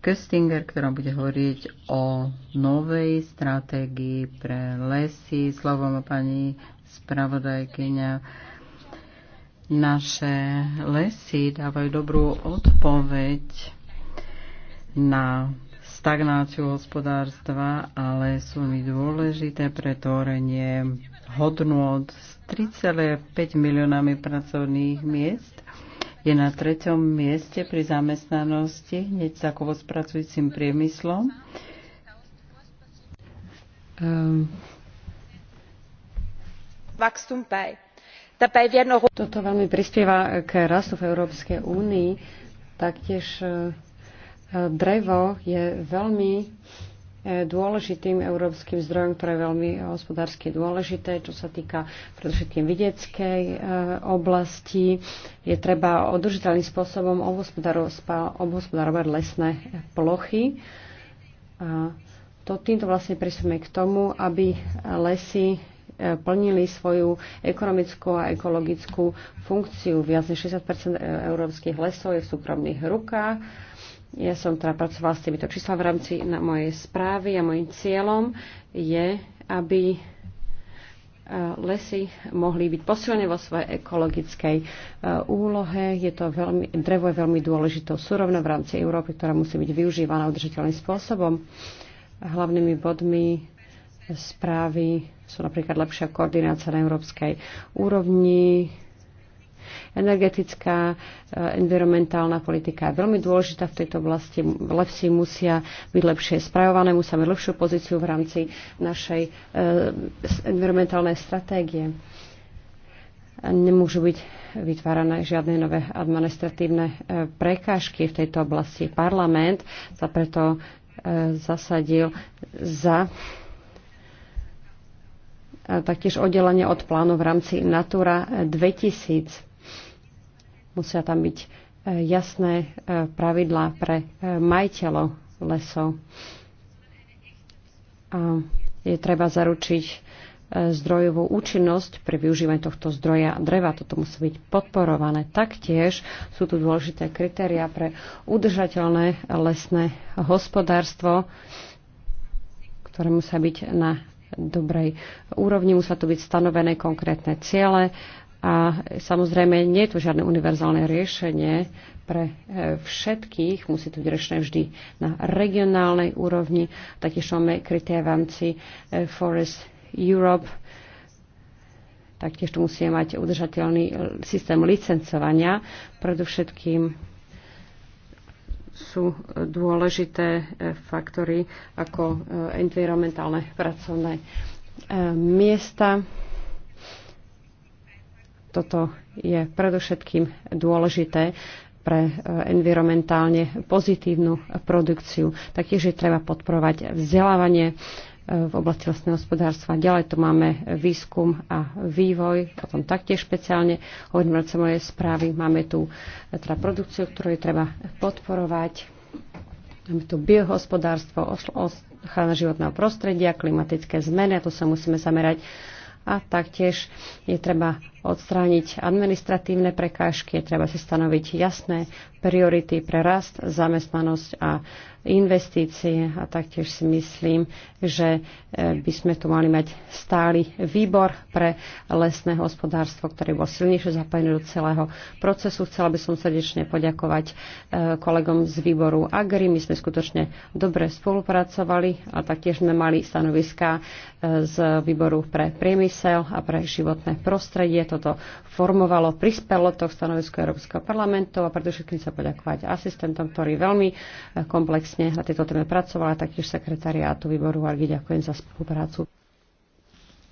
Köstinger, ktorá bude hovoriť o novej stratégii pre lesy. Slovo má pani spravodajkyňa. Naše lesy dávajú dobrú odpoveď na stagnáciu hospodárstva, ale sú mi dôležité pre tvorenie hodnú s 3,5 miliónami pracovných miest je na treťom mieste pri zamestnanosti, hneď za kovospracujúcim priemyslom. Um. Toto veľmi prispieva k rastu v Európskej únii. Taktiež eh, drevo je veľmi dôležitým európskym zdrojom, ktoré je veľmi eh, hospodársky dôležité, čo sa týka predovšetkým vidieckej eh, oblasti. Je treba održiteľným spôsobom obhospodarovať lesné plochy. A to týmto vlastne prispieme k tomu, aby lesy eh, plnili svoju ekonomickú a ekologickú funkciu. Viac než 60 európskych lesov je v súkromných rukách ja som teda pracovala s týmito čísla v rámci na mojej správy a môjim cieľom je, aby e, lesy mohli byť posilne vo svojej ekologickej e, úlohe. Je to veľmi, drevo je veľmi dôležitou súrovnou v rámci Európy, ktorá musí byť využívaná udržateľným spôsobom. Hlavnými bodmi správy sú napríklad lepšia koordinácia na európskej úrovni, Energetická, eh, environmentálna politika je veľmi dôležitá v tejto oblasti. Lepší musia byť lepšie spravované, musia mať lepšiu pozíciu v rámci našej eh, environmentálnej stratégie nemôžu byť vytvárané žiadne nové administratívne eh, prekážky v tejto oblasti. Parlament sa preto zasadil za taktiež oddelenie od plánu v rámci Natura 2000 Musia tam byť e, jasné e, pravidlá pre e, majiteľov lesov. A je treba zaručiť zdrojovú účinnosť pri využívaní tohto zdroja dreva. Toto musí byť podporované. Taktiež sú tu dôležité kritéria pre udržateľné lesné hospodárstvo, ktoré musia byť na dobrej úrovni. Musia tu byť stanovené konkrétne ciele a samozrejme, nie je tu žiadne univerzálne riešenie pre e, všetkých. Musí to byť riešené vždy na regionálnej úrovni. Taktiež máme kryté v rámci e, Forest Europe. Taktiež tu musíme mať udržateľný e, systém licencovania. Predovšetkým sú dôležité faktory ako environmentálne pracovné miesta toto je predovšetkým dôležité pre e, environmentálne pozitívnu produkciu. Taktiež je treba podporovať vzdelávanie e, v oblasti lesného hospodárstva. Ďalej tu máme výskum a vývoj, o tom taktiež špeciálne hovorím v mojej správy. Máme tu e, teda produkciu, ktorú je treba podporovať. Máme tu biohospodárstvo, ochrana životného prostredia, klimatické zmeny, a tu sa musíme zamerať. A taktiež je treba odstrániť administratívne prekážky, treba si stanoviť jasné priority pre rast, zamestnanosť a investície. A taktiež si myslím, že e, by sme tu mali mať stály výbor pre lesné hospodárstvo, ktoré bol silnejšie zapojené do celého procesu. Chcela by som srdečne poďakovať e, kolegom z výboru Agri. My sme skutočne dobre spolupracovali a taktiež sme mali stanoviská e, z výboru pre priemysel a pre životné prostredie toto formovalo, prispelo to k stanovisku Európskeho parlamentu a preto všetkým sa poďakovať asistentom, ktorí veľmi eh, komplexne na tieto téme pracovali, taktiež sekretariátu výboru Argy. Ďakujem za spoluprácu.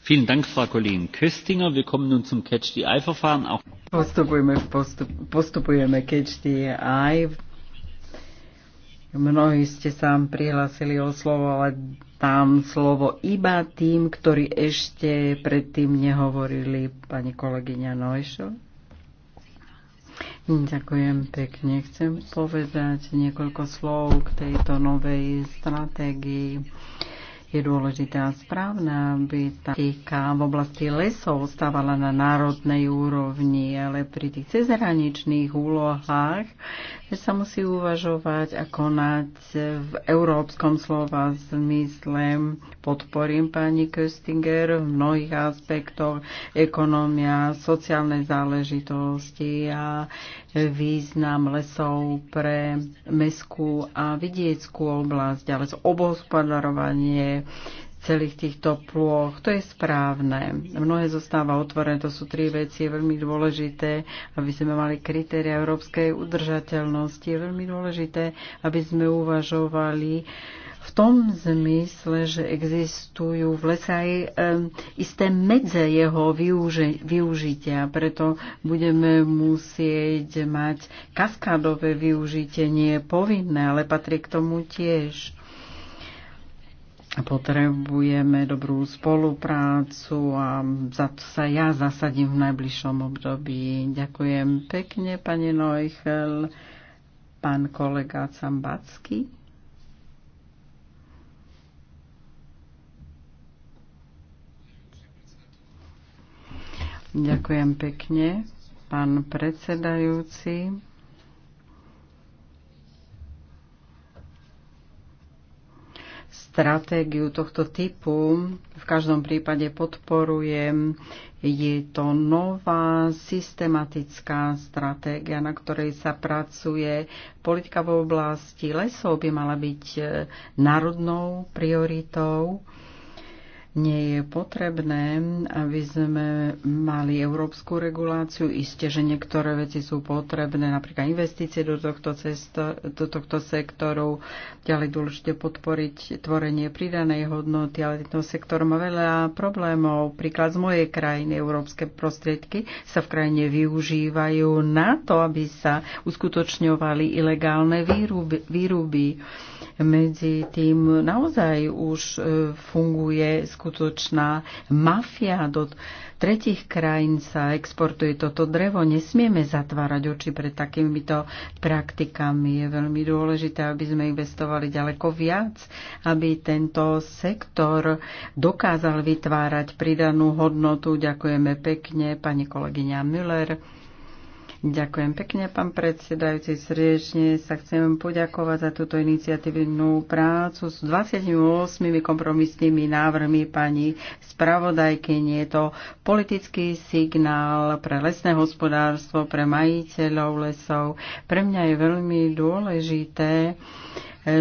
Vielen Dank, Frau Kollegin Köstinger. Wir kommen nun zum Catch the Eye-Verfahren. Postupujeme, postup, postupujeme Catch the Eye Mnohí ste sa prihlásili o slovo, ale tam slovo iba tým, ktorí ešte predtým nehovorili. Pani kolegyňa Nojšo. Ďakujem pekne. Chcem povedať niekoľko slov k tejto novej stratégii. Je dôležité a správne, aby tá týka v oblasti lesov stávala na národnej úrovni, ale pri tých cezhraničných úlohách sa musí uvažovať a konať v európskom slova zmysle. Podporím pani Köstinger v mnohých aspektoch ekonomia, sociálne záležitosti a význam lesov pre meskú a vidieckú oblasť, ale obhospodarovanie celých týchto plôch. To je správne. Mnohé zostáva otvorené, to sú tri veci, je veľmi dôležité, aby sme mali kritéria európskej udržateľnosti. Je veľmi dôležité, aby sme uvažovali v tom zmysle, že existujú v lese aj isté medze jeho využi- využitia. Preto budeme musieť mať kaskádové využitie, nie je povinné, ale patrí k tomu tiež. Potrebujeme dobrú spoluprácu a za to sa ja zasadím v najbližšom období. Ďakujem pekne, pani Neuchel, pán kolega Cambacký. Ďakujem pekne, pán predsedajúci. Stratégiu tohto typu v každom prípade podporujem. Je to nová systematická stratégia, na ktorej sa pracuje. Politika v oblasti lesov by mala byť eh, národnou prioritou nie je potrebné, aby sme mali európsku reguláciu. Isté, že niektoré veci sú potrebné, napríklad investície do tohto, cesto, do tohto sektoru, ďalej dôležite podporiť tvorenie pridanej hodnoty, ale tento sektor má veľa problémov. Príklad z mojej krajiny, európske prostriedky sa v krajine využívajú na to, aby sa uskutočňovali ilegálne výruby. výruby. Medzi tým naozaj už e, funguje skutočná mafia. Do tretich krajín sa exportuje toto drevo. Nesmieme zatvárať oči pred takýmito praktikami. Je veľmi dôležité, aby sme investovali ďaleko viac, aby tento sektor dokázal vytvárať pridanú hodnotu. Ďakujeme pekne, pani kolegyňa Müller. Ďakujem pekne, pán predsedajúci. Srdečne sa chcem poďakovať za túto iniciatívnu prácu s 28 kompromisnými návrhmi pani spravodajky. Je to politický signál pre lesné hospodárstvo, pre majiteľov lesov. Pre mňa je veľmi dôležité,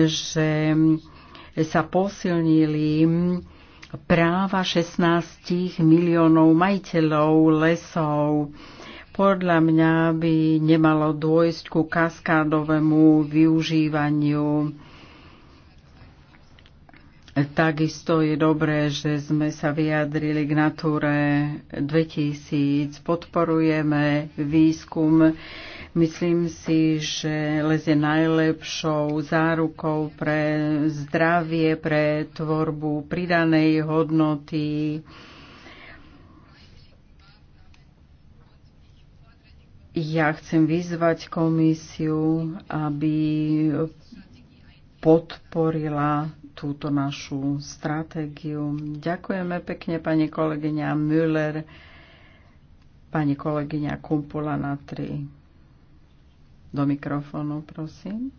že sa posilnili práva 16 miliónov majiteľov lesov podľa mňa by nemalo dôjsť ku kaskádovému využívaniu. Takisto je dobré, že sme sa vyjadrili k Nature 2000. Podporujeme výskum. Myslím si, že les je najlepšou zárukou pre zdravie, pre tvorbu pridanej hodnoty Ja chcem vyzvať komisiu, aby podporila túto našu stratégiu. Ďakujeme pekne pani kolegyňa Müller, pani kolegyňa Kumpula na 3. Do mikrofónu, prosím.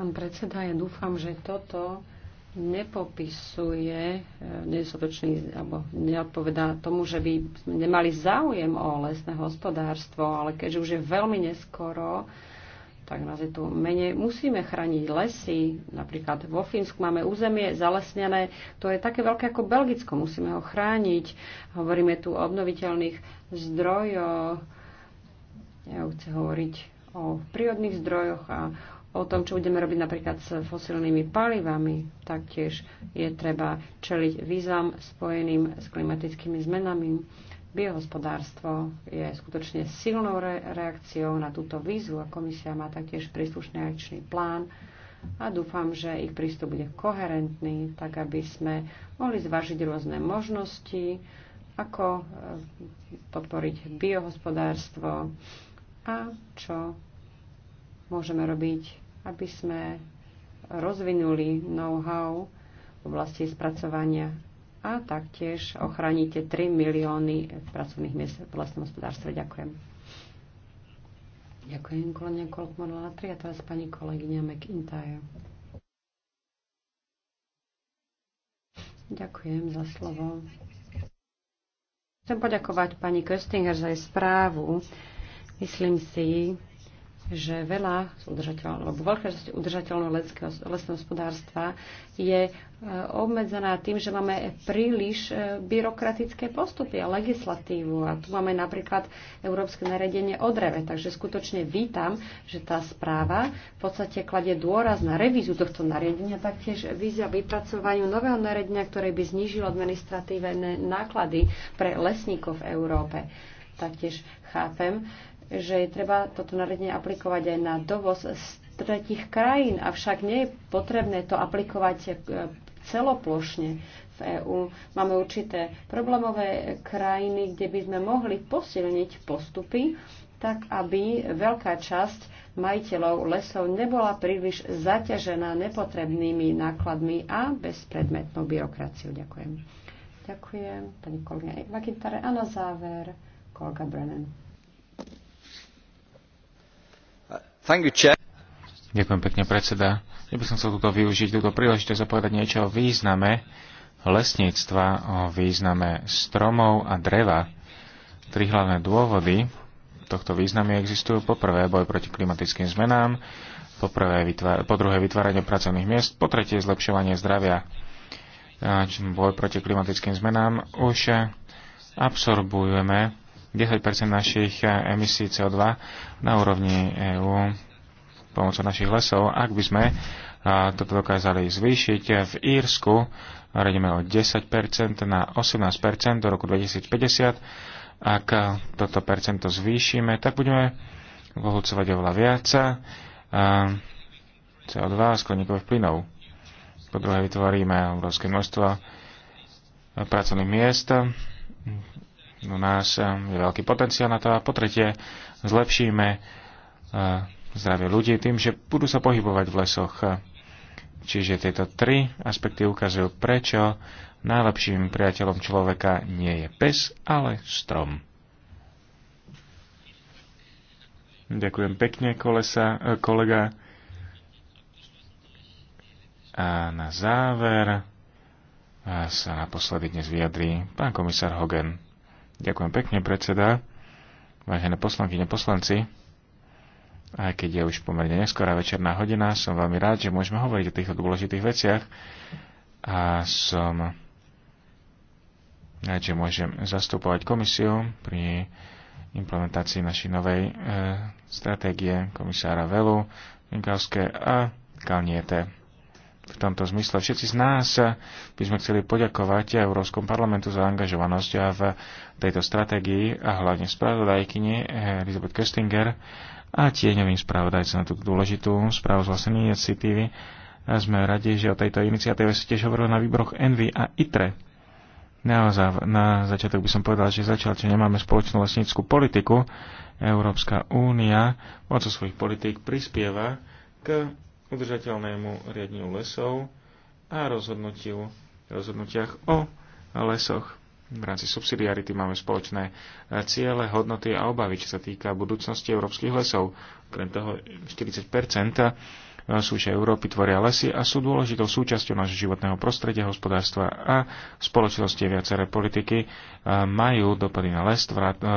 Pán predseda, ja dúfam, že toto nepopisuje eh, nedostatočný, alebo neodpovedá tomu, že by nemali záujem o lesné hospodárstvo, ale keďže už je veľmi neskoro, tak nás je tu menej. Musíme chrániť lesy. Napríklad vo Fínsku máme územie zalesnené, to je také veľké ako Belgicko. Musíme ho chrániť. Hovoríme tu o obnoviteľných zdrojoch. Ja chcem hovoriť o prírodných zdrojoch a o tom, čo budeme robiť napríklad s fosilnými palivami, taktiež je treba čeliť výzvam spojeným s klimatickými zmenami. Biohospodárstvo je skutočne silnou re- reakciou na túto výzvu a komisia má taktiež príslušný akčný plán a dúfam, že ich prístup bude koherentný, tak aby sme mohli zvažiť rôzne možnosti, ako eh, podporiť biohospodárstvo a čo môžeme robiť, aby sme rozvinuli know-how v oblasti spracovania a taktiež ochránite 3 milióny pracovných miest v vlastnom hospodárstve. Ďakujem. Ďakujem, kolegyňa Kolkmorla 3 a teraz pani kolegyňa McIntyre. Ďakujem za slovo. Chcem poďakovať pani Köstinger za jej správu. Myslím si, že veľa udržateľného, alebo veľká udržateľného lesného hospodárstva je e, obmedzená tým, že máme príliš e, byrokratické postupy a legislatívu. A tu máme napríklad Európske nariadenie o dreve. Takže skutočne vítam, že tá správa v podstate kladie dôraz na revízu tohto nariadenia, taktiež vízia vypracovaniu nového nariadenia, ktoré by znížilo administratívne náklady pre lesníkov v Európe. Taktiež chápem, že je treba toto nariadenie aplikovať aj na dovoz z tretich krajín, avšak nie je potrebné to aplikovať e, celoplošne v EÚ. Máme určité problémové krajiny, kde by sme mohli posilniť postupy, tak aby veľká časť majiteľov lesov nebola príliš zaťažená nepotrebnými nákladmi a bezpredmetnou byrokraciou. Ďakujem. Ďakujem, pani kolegyňa McIntyre. A na záver, kolega Brennan. Ďakujem pekne, predseda. Ja by som chcel túto využiť, túto príležitosť a povedať niečo o význame lesníctva, o význame stromov a dreva. Tri hlavné dôvody tohto významu existujú. Poprvé, boj proti klimatickým zmenám, po, prvé, vytvára, po druhé vytváranie pracovných miest, po tretie zlepšovanie zdravia, boj proti klimatickým zmenám, už absorbujeme 10 našich eh, emisí CO2 na úrovni EÚ pomocou našich lesov. Ak by sme eh, toto dokázali zvýšiť eh, v Írsku, radíme o 10 na 18 do roku 2050. Ak toto percento zvýšime, tak budeme vohúcovať oveľa viac CO2 a skleníkových plynov. Po druhé vytvoríme obrovské množstvo pracovných miest u nás eh, je veľký potenciál na to a po tretie zlepšíme eh, zdravie ľudí tým, že budú sa pohybovať v lesoch. Čiže tieto tri aspekty ukazujú, prečo najlepším priateľom človeka nie je pes, ale strom. Ďakujem pekne, kolesa, eh, kolega. A na záver sa naposledy dnes vyjadrí pán komisár Hogan. Ďakujem pekne, predseda. Vážené poslankyne, poslanci, aj keď je už pomerne neskorá večerná hodina, som veľmi rád, že môžeme hovoriť o týchto dôležitých veciach a som rád, že môžem zastupovať komisiu pri implementácii našej novej e, stratégie komisára Velu, Minkavské a Kalniete v tomto zmysle. Všetci z nás by sme chceli poďakovať Európskom parlamentu za angažovanosť v tejto stratégii a hlavne spravodajkyni Elizabeth Köstinger a tieňovým spravodajcom na túto dôležitú správu z vlastnej iniciatívy. A sme radi, že o tejto iniciatíve si tiež hovorilo na výboroch Envy a ITRE. Naozaj, na začiatok by som povedal, že začal, že nemáme spoločnú lesníckú politiku. Európska únia od svojich politík prispieva k udržateľnému riadeniu lesov a rozhodnutiu, rozhodnutiach o lesoch. V rámci subsidiarity máme spoločné e, ciele, hodnoty a obavy, čo sa týka budúcnosti európskych lesov. Okrem toho 40 súčasť Európy tvoria lesy a sú dôležitou súčasťou nášho životného prostredia, hospodárstva a spoločnosti. Viaceré politiky e, majú dopady na les, e,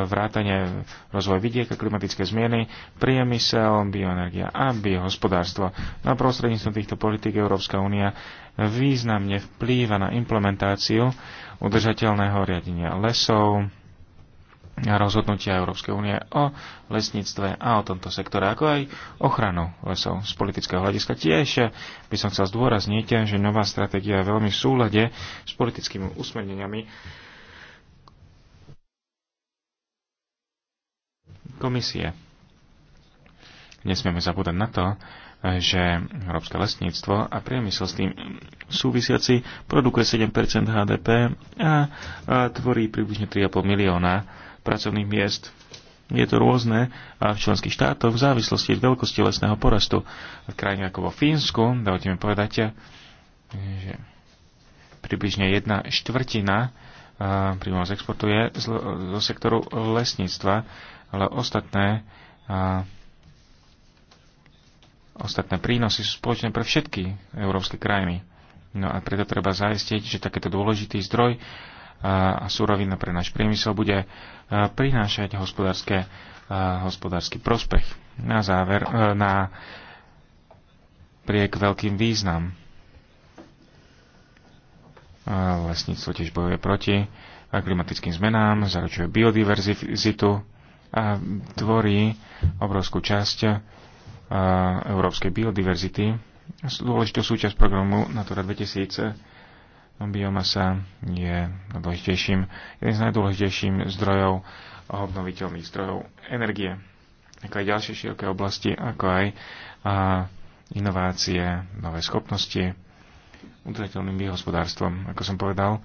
vrátanie, rozvoj vidieka, klimatické zmieny, priemysel, bioenergia a biohospodárstvo. Na no prostredníctvom týchto politik Európska únia významne vplýva na implementáciu udržateľného riadenia lesov, rozhodnutia Európskej únie o lesníctve a o tomto sektore, ako aj ochranu lesov z politického hľadiska. Tiež by som chcel zdôrazniť, že nová stratégia je veľmi v súlade s politickými usmerneniami komisie. Nesmieme zabúdať na to, že európske lesníctvo a priemysel s tým súvisiaci produkuje 7 HDP a, a tvorí približne 3,5 milióna pracovných miest. Je to rôzne a v členských štátoch v závislosti od veľkosti lesného porastu. V krajine ako vo Fínsku, dajte mi povedať, že približne jedna štvrtina príjmov z exportu je zo sektoru lesníctva, ale ostatné, a, ostatné prínosy sú spoločné pre všetky európske krajiny. No a preto treba zaistiť, že takéto dôležitý zdroj a surovina pre náš priemysel bude e, prinášať hospodárske, e, hospodársky prospech. Na záver, e, na priek veľkým význam. Lesníctvo tiež bojuje proti klimatickým zmenám, zaručuje biodiverzitu a tvorí obrovskú časť európskej biodiverzity. Dôležitú súčasť programu Natura 2000 biomasa je dôležitejším, jeden z najdôležitejším zdrojov obnoviteľných zdrojov energie, ako aj ďalšie široké oblasti, ako aj a, inovácie, nové schopnosti, udržateľným biohospodárstvom. Ako som povedal,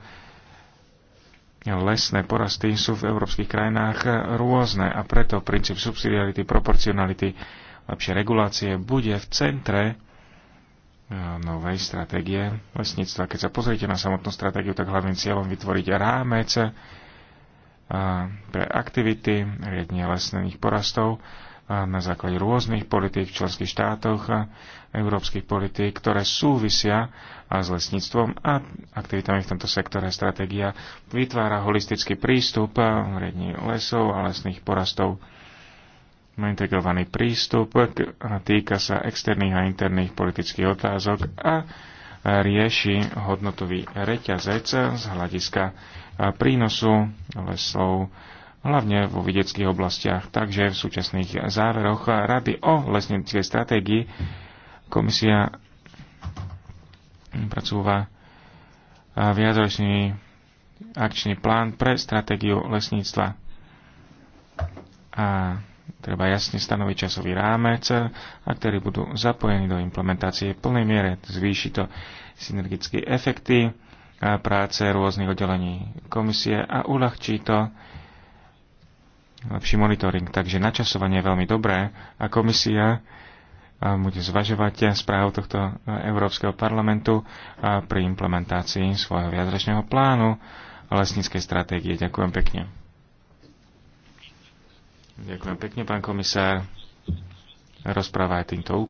lesné porasty sú v európskych krajinách rôzne a preto princíp subsidiarity, proporcionality, lepšie regulácie bude v centre E, novej stratégie lesníctva. Keď sa pozrite na samotnú stratégiu, tak hlavným cieľom vytvoriť rámec e, pre aktivity riadne lesných porastov e, na základe rôznych politík v členských štátoch a európskych politík, ktoré súvisia s lesníctvom a aktivitami v tomto sektore. Stratégia vytvára holistický prístup riadne lesov a lesných porastov integrovaný prístup, týka sa externých a interných politických otázok a rieši hodnotový reťazec z hľadiska prínosu lesov, hlavne vo vidieckých oblastiach. Takže v súčasných záveroch Rady o lesníckej stratégii komisia pracúva viacročný akčný plán pre stratégiu lesníctva. A Treba jasne stanoviť časový rámec, a ktorí budú zapojení do implementácie v plnej miere. Zvýši to synergické efekty práce rôznych oddelení komisie a uľahčí to lepší monitoring. Takže načasovanie je veľmi dobré a komisia bude zvažovať správu tohto Európskeho parlamentu pri implementácii svojho viacročného plánu lesníckej stratégie. Ďakujem pekne. Ďakujem pekne, pán komisár. Rozpráva aj týmto